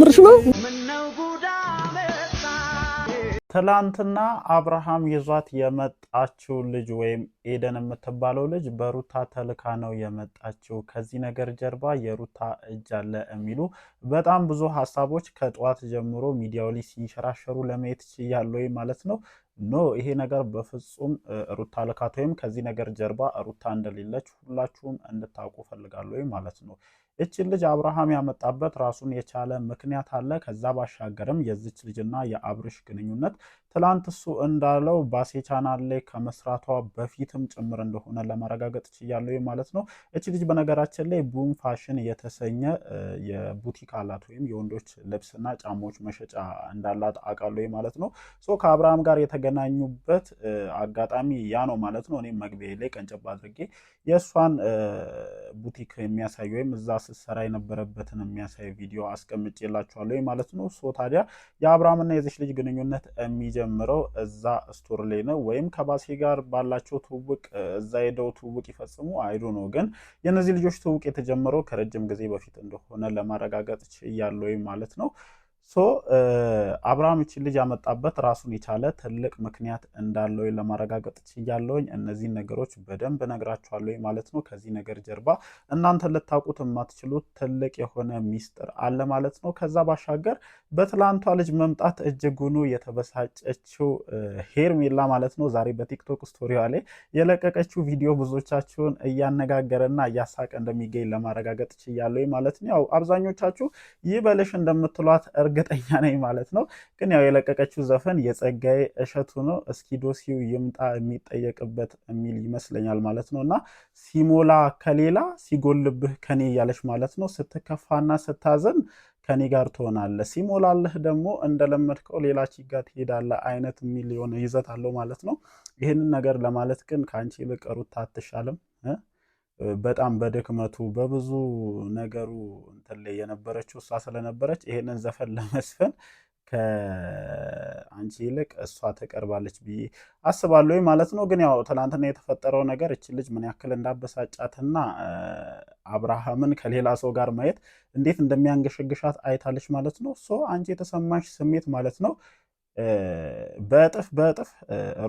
ምርሽ ነው። ትላንትና አብርሃም ይዟት የመጣችው ልጅ ወይም ኤደን የምትባለው ልጅ በሩታ ተልካ ነው የመጣችው። ከዚህ ነገር ጀርባ የሩታ እጅ አለ የሚሉ በጣም ብዙ ሀሳቦች ከጠዋት ጀምሮ ሚዲያው ላይ ሲንሸራሸሩ ለማየት ችያለሁ ማለት ነው። ኖ ይሄ ነገር በፍጹም ሩታ ልካት ወይም ከዚህ ነገር ጀርባ ሩታ እንደሌለች ሁላችሁም እንድታውቁ ፈልጋለሁ ማለት ነው። እችን ልጅ አብርሃም ያመጣበት ራሱን የቻለ ምክንያት አለ። ከዛ ባሻገርም የዚች ልጅና የአብርሽ ግንኙነት ትላንት እሱ እንዳለው ባሴ ቻናል ላይ ከመስራቷ በፊትም ጭምር እንደሆነ ለማረጋገጥ ችያለሁ ማለት ነው። እች ልጅ በነገራችን ላይ ቡም ፋሽን የተሰኘ የቡቲክ አላት ወይም የወንዶች ልብስና ጫማዎች መሸጫ እንዳላት አውቃለሁ ማለት ነው። ሶ ከአብርሃም ጋር የተገናኙበት አጋጣሚ ያ ነው ማለት ነው። እኔም መግቢያ ላይ ቀንጨብ አድርጌ የእሷን ቡቲክ የሚያሳይ ወይም እዛ ስትሰራ የነበረበትን የሚያሳይ ቪዲዮ አስቀምጬላችኋለሁ ማለት ነው። ሶ ታዲያ የአብርሃምና የዚች ልጅ ግንኙነት የሚጀምረው እዛ ስቶር ላይ ነው ወይም ከባሴ ጋር ባላቸው ትውውቅ እዛ ሄደው ትውውቅ ይፈጽሙ አይዱ ነው። ግን የእነዚህ ልጆች ትውውቅ የተጀመረው ከረጅም ጊዜ በፊት እንደሆነ ለማረጋገጥ ችያለሁ ማለት ነው። ሶ አብርሃም ይችን ልጅ ያመጣበት ራሱን የቻለ ትልቅ ምክንያት እንዳለው ለማረጋገጥ ችያለውኝ። እነዚህን ነገሮች በደንብ እነግራችኋለሁ ማለት ነው። ከዚህ ነገር ጀርባ እናንተ ልታውቁት የማትችሉት ትልቅ የሆነ ሚስጥር አለ ማለት ነው። ከዛ ባሻገር በትላንቷ ልጅ መምጣት እጅጉኑ የተበሳጨችው ሄርሜላ ማለት ነው ዛሬ በቲክቶክ ስቶሪዋ ላይ የለቀቀችው ቪዲዮ ብዙዎቻችሁን እያነጋገረና እያሳቀ እንደሚገኝ ለማረጋገጥ ችያለሁኝ ማለት ነው። ያው አብዛኞቻችሁ ይህ በልሽ እንደምትሏት እርግ እርግጠኛ ነኝ ማለት ነው። ግን ያው የለቀቀችው ዘፈን የጸጋዬ እሸቱ ነው። እስኪ ዶሲው ይምጣ የሚጠየቅበት የሚል ይመስለኛል ማለት ነው። እና ሲሞላ ከሌላ ሲጎልብህ ከኔ እያለች ማለት ነው። ስትከፋና ስታዘን ከኔ ጋር ትሆናለህ፣ ሲሞላልህ ደግሞ እንደለመድከው ሌላ ቺጋ ትሄዳለህ አይነት የሚል የሆነ ይዘት አለው ማለት ነው። ይህንን ነገር ለማለት ግን ከአንቺ ይልቅ ሩታ አትሻልም? በጣም በድክመቱ በብዙ ነገሩ እንትን ላይ የነበረችው እሷ ስለነበረች ይሄንን ዘፈን ለመስፈን ከአንቺ ይልቅ እሷ ትቀርባለች ብዬ አስባለሁ ማለት ነው። ግን ያው ትናንትና የተፈጠረው ነገር እችን ልጅ ምን ያክል እንዳበሳጫትና አብርሃምን ከሌላ ሰው ጋር ማየት እንዴት እንደሚያንገሸግሻት አይታለች ማለት ነው። ሶ አንቺ የተሰማሽ ስሜት ማለት ነው በእጥፍ በእጥፍ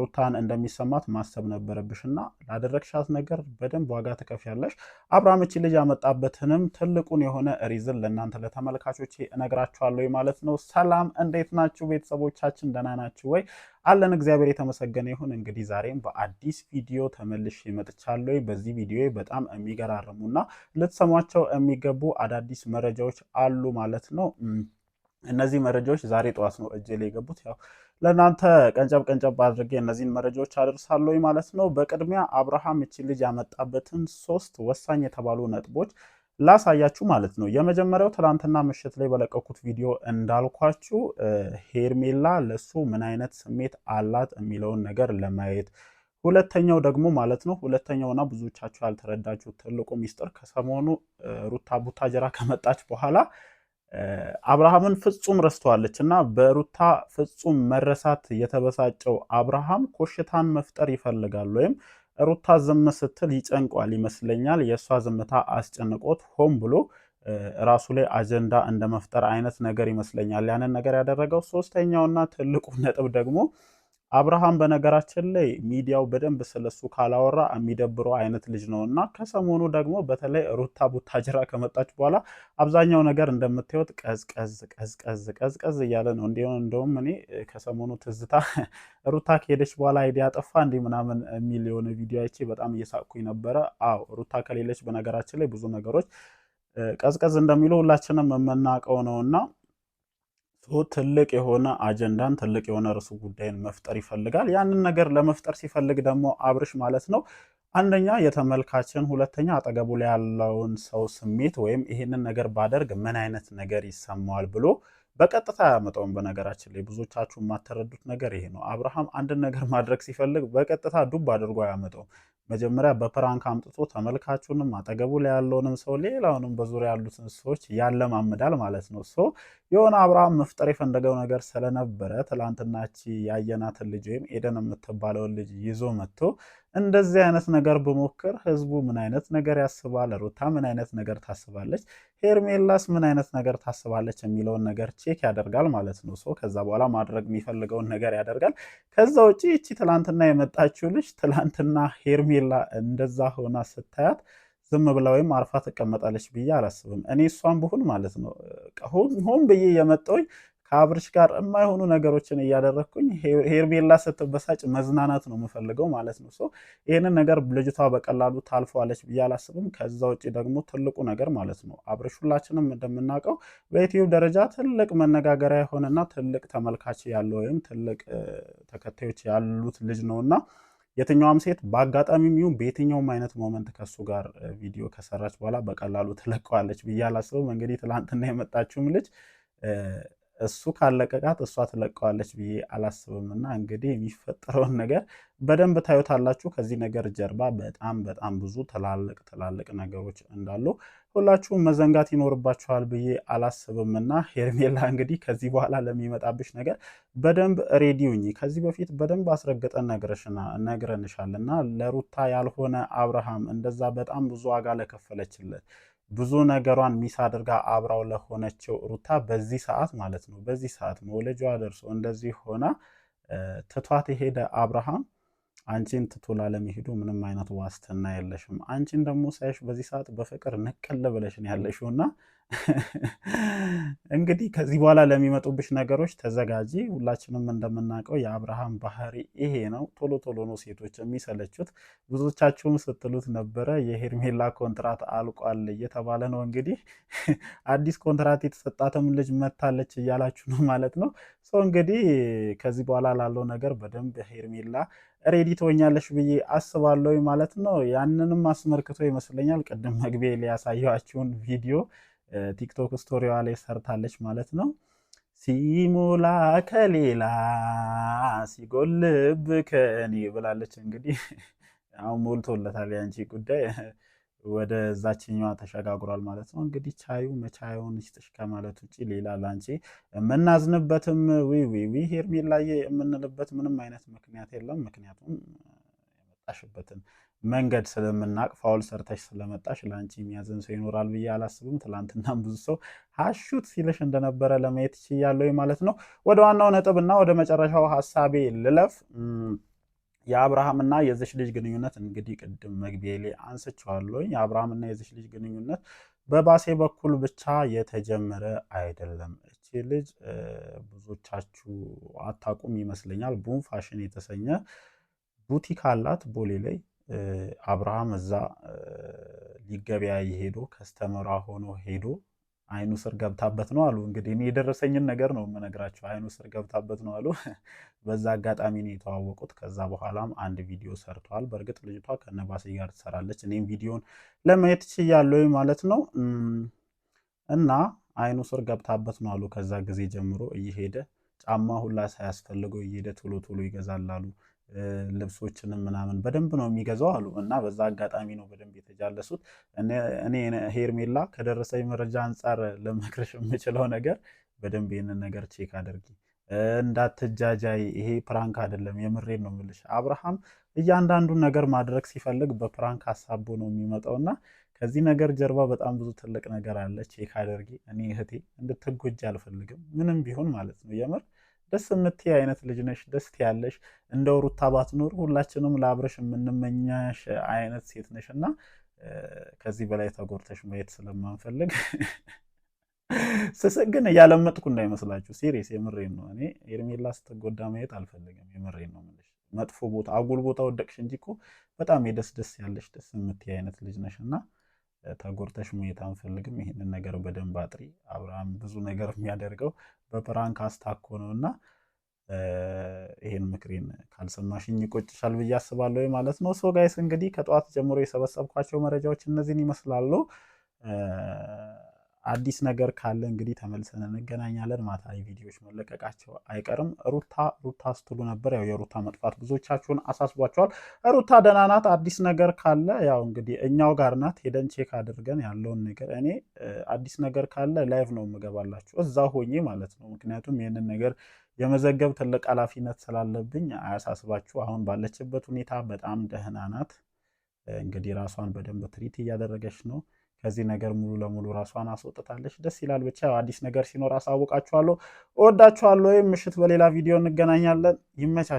ሩታን እንደሚሰማት ማሰብ ነበረብሽ እና ላደረግሻት ነገር በደንብ ዋጋ ትከፍያለሽ። አብርሃም ልጅ ያመጣበትንም ትልቁን የሆነ ሪዝን ለእናንተ ለተመልካቾች እነግራችኋለሁ ማለት ነው። ሰላም፣ እንዴት ናችሁ ቤተሰቦቻችን? ደህና ናችሁ ወይ? አለን እግዚአብሔር የተመሰገነ ይሁን። እንግዲህ ዛሬም በአዲስ ቪዲዮ ተመልሼ መጥቻለሁ። በዚህ ቪዲዮ በጣም የሚገራርሙና ልትሰሟቸው የሚገቡ አዳዲስ መረጃዎች አሉ ማለት ነው። እነዚህ መረጃዎች ዛሬ ጠዋት ነው እጄ ላይ የገቡት። ያው ለእናንተ ቀንጨብ ቀንጨብ አድርጌ እነዚህን መረጃዎች አደርሳለሁ ማለት ነው። በቅድሚያ አብርሃም እቺ ልጅ ያመጣበትን ሶስት ወሳኝ የተባሉ ነጥቦች ላሳያችሁ ማለት ነው። የመጀመሪያው ትናንትና ምሽት ላይ በለቀኩት ቪዲዮ እንዳልኳችሁ ሄርሜላ ለሱ ምን አይነት ስሜት አላት የሚለውን ነገር ለማየት ሁለተኛው ደግሞ ማለት ነው ሁለተኛውና ብዙዎቻችሁ ያልተረዳችሁ ትልቁ ሚስጥር ከሰሞኑ ሩታ ቡታጀራ ከመጣች በኋላ አብርሃምን ፍጹም ረስተዋለች እና በሩታ ፍጹም መረሳት የተበሳጨው አብርሃም ኮሽታን መፍጠር ይፈልጋል ወይም ሩታ ዝም ስትል ይጨንቋል ይመስለኛል። የእሷ ዝምታ አስጨንቆት ሆን ብሎ ራሱ ላይ አጀንዳ እንደ መፍጠር አይነት ነገር ይመስለኛል ያንን ነገር ያደረገው። ሶስተኛውና ትልቁ ነጥብ ደግሞ አብርሃም በነገራችን ላይ ሚዲያው በደንብ ስለሱ ካላወራ የሚደብረው አይነት ልጅ ነው እና ከሰሞኑ ደግሞ በተለይ ሩታ ቡታጅራ ከመጣች በኋላ አብዛኛው ነገር እንደምታዩት ቀዝቀዝ ቀዝቀዝ ቀዝቀዝ እያለ ነው። እንደውም እኔ ከሰሞኑ ትዝታ ሩታ ከሄደች በኋላ አይዲያ ጠፋ እንዲህ ምናምን የሚል የሆነ ቪዲዮ አይቼ በጣም እየሳቅኩኝ ነበረ። አዎ ሩታ ከሌለች በነገራችን ላይ ብዙ ነገሮች ቀዝቀዝ እንደሚሉ ሁላችንም የምናውቀው ነው እና ትልቅ የሆነ አጀንዳን ትልቅ የሆነ ርዕሱ ጉዳይን መፍጠር ይፈልጋል። ያንን ነገር ለመፍጠር ሲፈልግ ደግሞ አብርሽ ማለት ነው አንደኛ የተመልካችን፣ ሁለተኛ አጠገቡ ላይ ያለውን ሰው ስሜት ወይም ይሄንን ነገር ባደርግ ምን አይነት ነገር ይሰማዋል ብሎ በቀጥታ አያመጣውም። በነገራችን ላይ ብዙዎቻችሁ የማትረዱት ነገር ይሄ ነው። አብርሃም አንድን ነገር ማድረግ ሲፈልግ በቀጥታ ዱብ አድርጎ አያመጣውም። መጀመሪያ በፕራንክ አምጥቶ ተመልካቹንም አጠገቡ ላይ ያለውንም ሰው ሌላውንም በዙሪያ ያሉትን ሰዎች ያለማምዳል ማለት ነው። ሶ የሆነ አብርሃም መፍጠር የፈለገው ነገር ስለነበረ ትላንትናቺ ያየናትን ልጅ ወይም ኤደን የምትባለውን ልጅ ይዞ መጥቶ እንደዚህ አይነት ነገር ብሞክር ህዝቡ ምን አይነት ነገር ያስባል፣ ሩታ ምን አይነት ነገር ታስባለች ሄርሜላስ ምን አይነት ነገር ታስባለች የሚለውን ነገር ቼክ ያደርጋል ማለት ነው። ሶ ከዛ በኋላ ማድረግ የሚፈልገውን ነገር ያደርጋል። ከዛ ውጭ እቺ ትላንትና የመጣችው ልጅ ትላንትና ሄርሜላ እንደዛ ሆና ስታያት ዝም ብላ ወይም አርፋ ትቀመጣለች ብዬ አላስብም። እኔ እሷን ብሆን ማለት ነው ሆን ብዬ የመጣሁኝ ከአብርሽ ጋር የማይሆኑ ነገሮችን እያደረግኩኝ ሄርሜላ ስትበሳጭ መዝናናት ነው የምፈልገው ማለት ነው። ይህንን ነገር ልጅቷ በቀላሉ ታልፈዋለች ብዬ አላስብም። ከዛ ውጭ ደግሞ ትልቁ ነገር ማለት ነው አብርሽ ሁላችንም እንደምናውቀው በዩትዩብ ደረጃ ትልቅ መነጋገሪያ የሆነና ትልቅ ተመልካች ያለው ወይም ትልቅ ተከታዮች ያሉት ልጅ እና የትኛውም ሴት በአጋጣሚ ይሁን በየትኛውም አይነት ሞመንት ከሱ ጋር ቪዲዮ ከሰራች በኋላ በቀላሉ ትለቀዋለች ብዬ አላስብም። እንግዲህ ትላንትና የመጣችውም ልጅ እሱ ካለቀቃት እሷ ትለቀዋለች ብዬ አላስብም። እና እንግዲህ የሚፈጠረውን ነገር በደንብ ታዩታላችሁ። ከዚህ ነገር ጀርባ በጣም በጣም ብዙ ትላልቅ ትላልቅ ነገሮች እንዳሉ ሁላችሁም መዘንጋት ይኖርባችኋል ብዬ አላስብም። እና ሄርሜላ እንግዲህ ከዚህ በኋላ ለሚመጣብሽ ነገር በደንብ ሬዲዩኝ። ከዚህ በፊት በደንብ አስረግጠን ነግረንሻል። እና ለሩታ ያልሆነ አብርሃም እንደዛ በጣም ብዙ ዋጋ ለከፈለችለት ብዙ ነገሯን ሚስ አድርጋ አብራው ለሆነችው ሩታ በዚህ ሰዓት ማለት ነው በዚህ ሰዓት መውለጇ ደርሶ እንደዚህ ሆና ትቷት የሄደ አብርሃም አንቺን ትቶ ላለመሄዱ ምንም አይነት ዋስትና የለሽም። አንቺን ደግሞ ሳይሽ በዚህ ሰዓት በፍቅር ንቅል ብለሽን ያለሽው እና እንግዲህ ከዚህ በኋላ ለሚመጡብሽ ነገሮች ተዘጋጂ። ሁላችንም እንደምናውቀው የአብርሃም ባህሪ ይሄ ነው። ቶሎ ቶሎ ነው ሴቶች የሚሰለችት። ብዙዎቻችሁም ስትሉት ነበረ የሄርሜላ ኮንትራት አልቋል እየተባለ ነው። እንግዲህ አዲስ ኮንትራት የተሰጣትም ልጅ መታለች እያላችሁ ነው ማለት ነው። ሰው እንግዲህ ከዚህ በኋላ ላለው ነገር በደንብ ሄርሜላ ሬዲ ትሆኛለሽ ብዬ አስባለሁ ማለት ነው። ያንንም አስመልክቶ ይመስለኛል ቅድም መግቢያ ሊያሳየኋችሁን ቪዲዮ ቲክቶክ ስቶሪዋ ላይ ሰርታለች ማለት ነው። ሲሞላ ከሌላ ሲጎልብ ከኔ ብላለች። እንግዲህ አሁን ሞልቶለታል ያንቺ ጉዳይ ወደ ዛችኛዋ ተሸጋግሯል ማለት ነው። እንግዲህ ቻዩ መቻያውን ይስጥሽ ከማለት ውጭ ሌላ ላንቺ የምናዝንበትም ዊ ዊ ዊዊዊ ሄርሜላዬ የምንልበት ምንም አይነት ምክንያት የለም። ምክንያቱም የመጣሽበትን መንገድ ስለምናቅ ፋውል ሰርተሽ ስለመጣሽ ለአንቺ የሚያዝን ሰው ይኖራል ብዬ አላስብም። ትላንትናም ብዙ ሰው ሀሹት ሲልሽ እንደነበረ ለማየት ችያለሁ ማለት ነው። ወደ ዋናው ነጥብ እና ወደ መጨረሻው ሀሳቤ ልለፍ። የአብርሃምና የዚች ልጅ ግንኙነት እንግዲህ ቅድም መግቢያ ላይ አንስቼዋለሁ። የአብርሃምና የዚች ልጅ ግንኙነት በባሴ በኩል ብቻ የተጀመረ አይደለም። እቺ ልጅ ብዙዎቻችሁ አታቁም ይመስለኛል። ቡም ፋሽን የተሰኘ ቡቲክ አላት ቦሌ ላይ። አብርሃም እዛ ሊገበያ ሄዶ ከስተመራ ሆኖ ሄዶ አይኑ ስር ገብታበት ነው አሉ። እንግዲህ እኔ የደረሰኝን ነገር ነው የምነግራቸው። አይኑ ስር ገብታበት ነው አሉ። በዛ አጋጣሚ ነው የተዋወቁት። ከዛ በኋላም አንድ ቪዲዮ ሰርተዋል። በእርግጥ ልጅቷ ከነባሴ ጋር ትሰራለች። እኔም ቪዲዮን ለማየት ችያለሁ ማለት ነው። እና አይኑ ስር ገብታበት ነው አሉ። ከዛ ጊዜ ጀምሮ እየሄደ ጫማ ሁላ ሳያስፈልገው እየሄደ ቶሎ ቶሎ ይገዛላሉ። ልብሶችንም ምናምን በደንብ ነው የሚገዛው አሉ እና በዛ አጋጣሚ ነው በደንብ የተጃለሱት። እኔ ሄርሜላ ከደረሰኝ መረጃ አንጻር ልመክርሽ የምችለው ነገር በደንብ ይህንን ነገር ቼክ አድርጊ፣ እንዳትጃጃይ። ይሄ ፕራንክ አይደለም፣ የምሬን ነው የምልሽ። አብርሃም እያንዳንዱን ነገር ማድረግ ሲፈልግ በፕራንክ ሀሳቦ ነው እና ከዚህ ነገር ጀርባ በጣም ብዙ ትልቅ ነገር አለ። ቼክ አድርጊ። እኔ እህቴ እንድትጎጂ አልፈልግም፣ ምንም ቢሆን ማለት ነው የምር ደስ የምትይ አይነት ልጅ ነሽ፣ ደስ ያለሽ እንደ ሩታ ባትኖር ሁላችንም ለአብረሽ የምንመኛሽ አይነት ሴት ነሽ እና ከዚህ በላይ ተጎርተሽ ማየት ስለማንፈልግ ስስ ግን እያለመጥኩ እንዳይመስላችሁ፣ ሲሪየስ የምሬን ነው። እኔ ኤርሜላ ስትጎዳ ማየት አልፈልግም። የምሬን ነው የምልሽ። መጥፎ ቦታ አጉል ቦታ ወደቅሽ እንጂ እኮ በጣም የደስ ደስ ያለሽ ደስ የምትይ አይነት ልጅ ነሽ እና ተጎርተሽ መሄድ አንፈልግም፣ ይህንን ነገር በደንብ አጥሪ። አብርሃም ብዙ ነገር የሚያደርገው በፕራንክ አስታኮ ነው እና ይህን ምክሬን ካልሰማሽኝ ይቆጭሻል ብዬ አስባለሁ ማለት ነው። ሶ ጋይስ እንግዲህ ከጠዋት ጀምሮ የሰበሰብኳቸው መረጃዎች እነዚህን ይመስላሉ። አዲስ ነገር ካለ እንግዲህ ተመልሰን እንገናኛለን። ማታ ቪዲዮዎች መለቀቃቸው አይቀርም። ሩታ ሩታ ስትሉ ነበር። ያው የሩታ መጥፋት ብዙዎቻችሁን አሳስቧቸዋል። ሩታ ደህና ናት። አዲስ ነገር ካለ ያው እንግዲህ እኛው ጋር ናት። ሄደን ቼክ አድርገን ያለውን ነገር እኔ አዲስ ነገር ካለ ላይቭ ነው የምገባላችሁ እዛ ሆኜ ማለት ነው። ምክንያቱም ይህንን ነገር የመዘገብ ትልቅ ኃላፊነት ስላለብኝ አያሳስባችሁ። አሁን ባለችበት ሁኔታ በጣም ደህና ናት። እንግዲህ ራሷን በደንብ ትሪት እያደረገች ነው ከዚህ ነገር ሙሉ ለሙሉ ራሷን አስወጥታለች። ደስ ይላል። ብቻ አዲስ ነገር ሲኖር አሳውቃችኋለሁ። እወዳችኋለሁ። ወይም ምሽት በሌላ ቪዲዮ እንገናኛለን። ይመቻል።